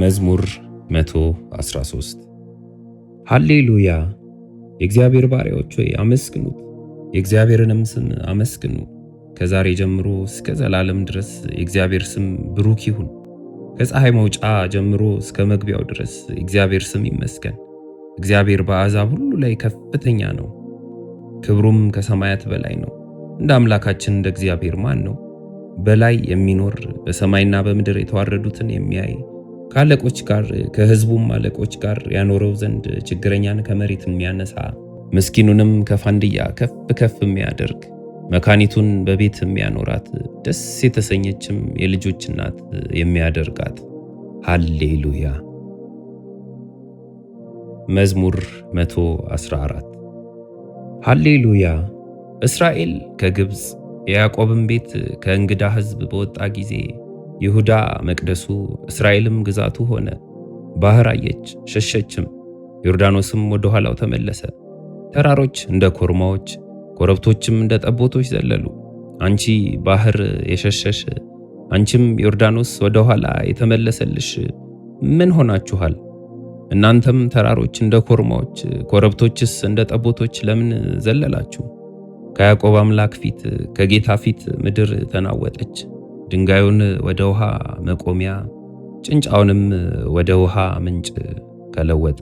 መዝሙር 113 ሃሌሉያ። የእግዚአብሔር ባሪያዎች ሆይ አመስግኑት፣ የእግዚአብሔርንም ስም አመስግኑ። ከዛሬ ጀምሮ እስከ ዘላለም ድረስ የእግዚአብሔር ስም ብሩክ ይሁን። ከፀሐይ መውጫ ጀምሮ እስከ መግቢያው ድረስ እግዚአብሔር ስም ይመስገን። እግዚአብሔር በአሕዛብ ሁሉ ላይ ከፍተኛ ነው፣ ክብሩም ከሰማያት በላይ ነው። እንደ አምላካችን እንደ እግዚአብሔር ማን ነው? በላይ የሚኖር በሰማይና በምድር የተዋረዱትን የሚያይ ከአለቆች ጋር ከህዝቡም አለቆች ጋር ያኖረው ዘንድ ችግረኛን ከመሬት የሚያነሳ ምስኪኑንም ከፋንድያ ከፍ ከፍ የሚያደርግ መካኒቱን በቤት የሚያኖራት ደስ የተሰኘችም የልጆች እናት የሚያደርጋት። ሃሌሉያ። መዝሙር 114 ሃሌሉያ። እስራኤል ከግብፅ የያዕቆብን ቤት ከእንግዳ ህዝብ በወጣ ጊዜ ይሁዳ መቅደሱ፣ እስራኤልም ግዛቱ ሆነ። ባህር አየች ሸሸችም፣ ዮርዳኖስም ወደ ኋላው ተመለሰ። ተራሮች እንደ ኮርማዎች፣ ኮረብቶችም እንደ ጠቦቶች ዘለሉ። አንቺ ባህር የሸሸሽ አንቺም ዮርዳኖስ ወደ ኋላ የተመለሰልሽ ምን ሆናችኋል? እናንተም ተራሮች እንደ ኮርማዎች፣ ኮረብቶችስ እንደ ጠቦቶች ለምን ዘለላችሁ? ከያዕቆብ አምላክ ፊት ከጌታ ፊት ምድር ተናወጠች። ድንጋዩን ወደ ውሃ መቆሚያ ጭንጫውንም ወደ ውሃ ምንጭ ከለወጠ።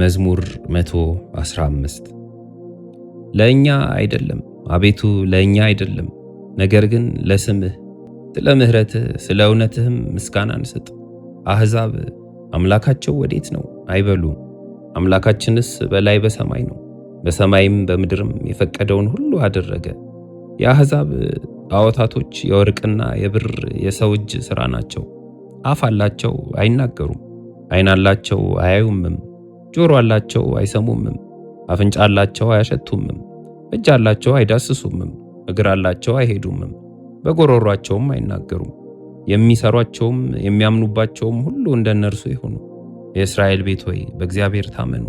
መዝሙር 115 ለእኛ አይደለም አቤቱ ለእኛ አይደለም፣ ነገር ግን ለስምህ ስለ ምሕረትህ ስለ እውነትህም ምስጋናን ስጥ። አሕዛብ አምላካቸው ወዴት ነው አይበሉም፣ አምላካችንስ በላይ በሰማይ ነው። በሰማይም በምድርም የፈቀደውን ሁሉ አደረገ። የአሕዛብ ጣዖታቶች የወርቅና የብር የሰው እጅ ሥራ ናቸው። አፍ አላቸው አይናገሩም፣ ዓይን አላቸው አያዩምም፣ ጆሮ አላቸው አይሰሙምም፣ አፍንጫ አላቸው አያሸቱምም፣ እጅ አላቸው አይዳስሱምም፣ እግር አላቸው አይሄዱምም፣ በጎሮሯቸውም አይናገሩም። የሚሰሯቸውም የሚያምኑባቸውም ሁሉ እንደ እነርሱ ይሆኑ። የእስራኤል ቤት ሆይ በእግዚአብሔር ታመኑ።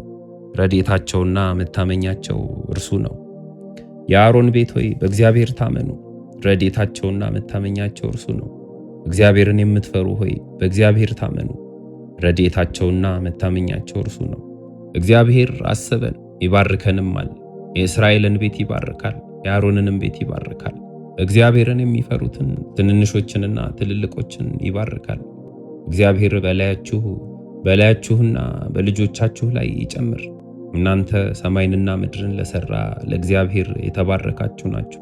ረዴታቸውና መታመኛቸው እርሱ ነው። የአሮን ቤት ሆይ በእግዚአብሔር ታመኑ፣ ረዴታቸውና መታመኛቸው እርሱ ነው። እግዚአብሔርን የምትፈሩ ሆይ በእግዚአብሔር ታመኑ፣ ረዴታቸውና መታመኛቸው እርሱ ነው። እግዚአብሔር አሰበን ይባርከንማል። የእስራኤልን ቤት ይባርካል፣ የአሮንንም ቤት ይባርካል። እግዚአብሔርን የሚፈሩትን ትንንሾችንና ትልልቆችን ይባርካል። እግዚአብሔር በላያችሁ በላያችሁና በልጆቻችሁ ላይ ይጨምር። እናንተ ሰማይንና ምድርን ለሰራ ለእግዚአብሔር የተባረካችሁ ናችሁ።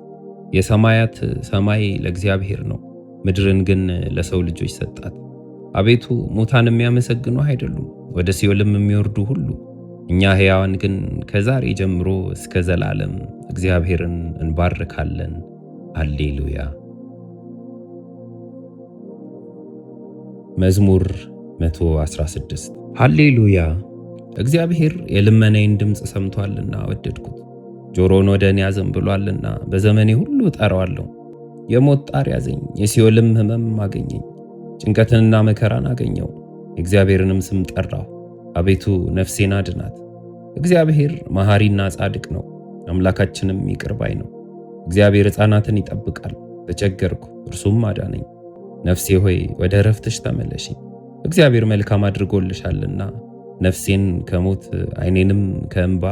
የሰማያት ሰማይ ለእግዚአብሔር ነው፣ ምድርን ግን ለሰው ልጆች ሰጣት። አቤቱ ሙታን የሚያመሰግኑ አይደሉም፣ ወደ ሲኦልም የሚወርዱ ሁሉ፣ እኛ ሕያዋን ግን ከዛሬ ጀምሮ እስከ ዘላለም እግዚአብሔርን እንባርካለን። አሌሉያ። መዝሙር 116 ሃሌሉያ እግዚአብሔር የልመናዬን ድምፅ ሰምቷልና ወደድኩት፣ ጆሮን ወደ እኔ አዘንብሏልና በዘመኔ ሁሉ እጠራዋለሁ። የሞት ጣር ያዘኝ፣ የሲኦልም ሕመም አገኘኝ። ጭንቀትንና መከራን አገኘው፣ የእግዚአብሔርንም ስም ጠራሁ። አቤቱ ነፍሴን አድናት። እግዚአብሔር መሐሪና ጻድቅ ነው፣ አምላካችንም ይቅር ባይ ነው። እግዚአብሔር ሕፃናትን ይጠብቃል። ተቸገርኩ፣ እርሱም አዳነኝ። ነፍሴ ሆይ ወደ እረፍትሽ ተመለሺ፣ እግዚአብሔር መልካም አድርጎልሻልና ነፍሴን ከሞት ዓይኔንም ከእንባ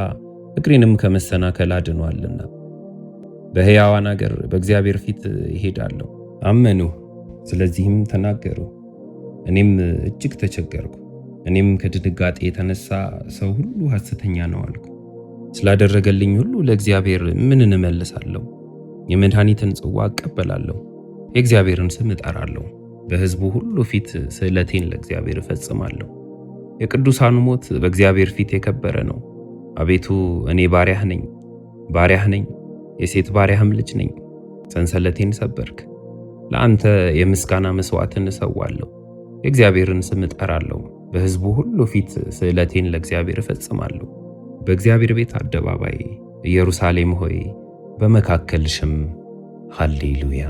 እግሬንም ከመሰናከል አድኗልና በሕያዋን አገር በእግዚአብሔር ፊት እሄዳለሁ። አመኑ፣ ስለዚህም ተናገሩ። እኔም እጅግ ተቸገርኩ። እኔም ከድንጋጤ የተነሳ ሰው ሁሉ ሐሰተኛ ነው አልኩ። ስላደረገልኝ ሁሉ ለእግዚአብሔር ምን እንመልሳለሁ? የመድኃኒትን ጽዋ እቀበላለሁ፣ የእግዚአብሔርን ስም እጠራለሁ። በሕዝቡ ሁሉ ፊት ስዕለቴን ለእግዚአብሔር እፈጽማለሁ። የቅዱሳኑ ሞት በእግዚአብሔር ፊት የከበረ ነው። አቤቱ እኔ ባሪያህ ነኝ፣ ባሪያህ ነኝ፣ የሴት ባሪያህም ልጅ ነኝ። ሰንሰለቴን ሰበርክ። ለአንተ የምስጋና መሥዋዕትን እሰዋለሁ፣ የእግዚአብሔርን ስም እጠራለሁ። በሕዝቡ ሁሉ ፊት ስዕለቴን ለእግዚአብሔር እፈጽማለሁ። በእግዚአብሔር ቤት አደባባይ ኢየሩሳሌም ሆይ በመካከልሽም ሃሌሉያ።